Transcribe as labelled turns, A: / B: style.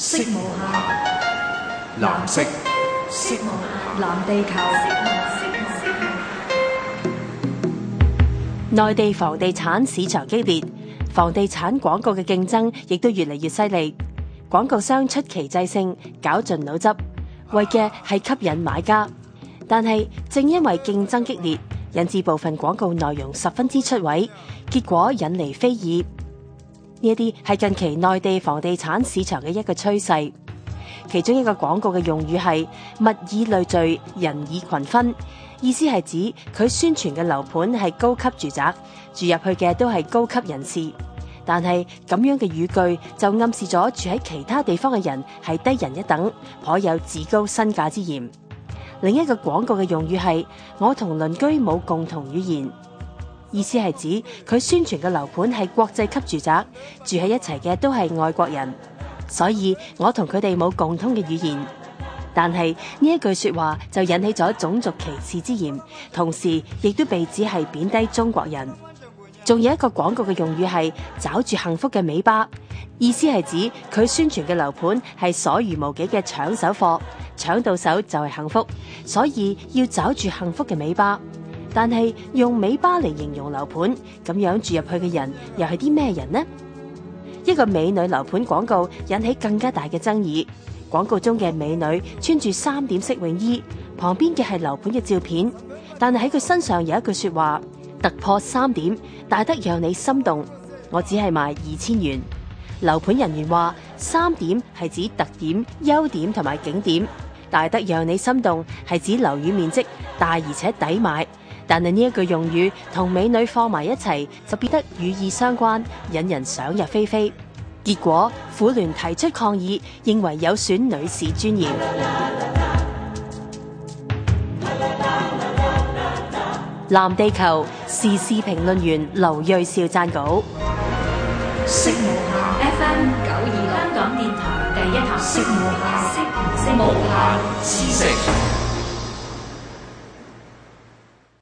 A: 色無暇，藍色。色無暇，藍地球。內地房地產市場激烈，房地產廣告嘅競爭亦都越嚟越犀利，廣告商出奇制勝，絞盡腦汁，為嘅係吸引買家。但係正因為競爭激烈，引致部分廣告內容十分之出位，結果引嚟非議。呢一啲係近期內地房地產市場嘅一個趨勢，其中一個廣告嘅用語係物以類聚，人以群分，意思係指佢宣傳嘅樓盤係高級住宅，住入去嘅都係高級人士。但係咁樣嘅語句就暗示咗住喺其他地方嘅人係低人一等，頗有自高身價之嫌。另一個廣告嘅用語係我同鄰居冇共同語言。意思係指佢宣傳嘅樓盤係國際級住宅，住喺一齊嘅都係外國人，所以我同佢哋冇共通嘅語言。但係呢一句說話就引起咗種族歧視之嫌，同時亦都被指係貶低中國人。仲有一個廣告嘅用語係找住幸福嘅尾巴，意思係指佢宣傳嘅樓盤係所餘無幾嘅搶手貨，搶到手就係幸福，所以要找住幸福嘅尾巴。但係用尾巴嚟形容樓盤，咁樣住入去嘅人又係啲咩人呢？一個美女樓盤廣告，引起更加大嘅爭議。廣告中嘅美女穿住三點式泳衣，旁邊嘅係樓盤嘅照片。但係喺佢身上有一句說話，突破三點，大得讓你心動。我只係賣二千元。樓盤人員話，三點係指特點、優點同埋景點，大得讓你心動係指樓宇面積大而且抵買。但係呢一句用語同美女放埋一齊，就變得語意相關，引人想入非非。結果，婦聯提出抗議，認為有損女士尊嚴。藍地球時事評論員劉銳紹撰稿。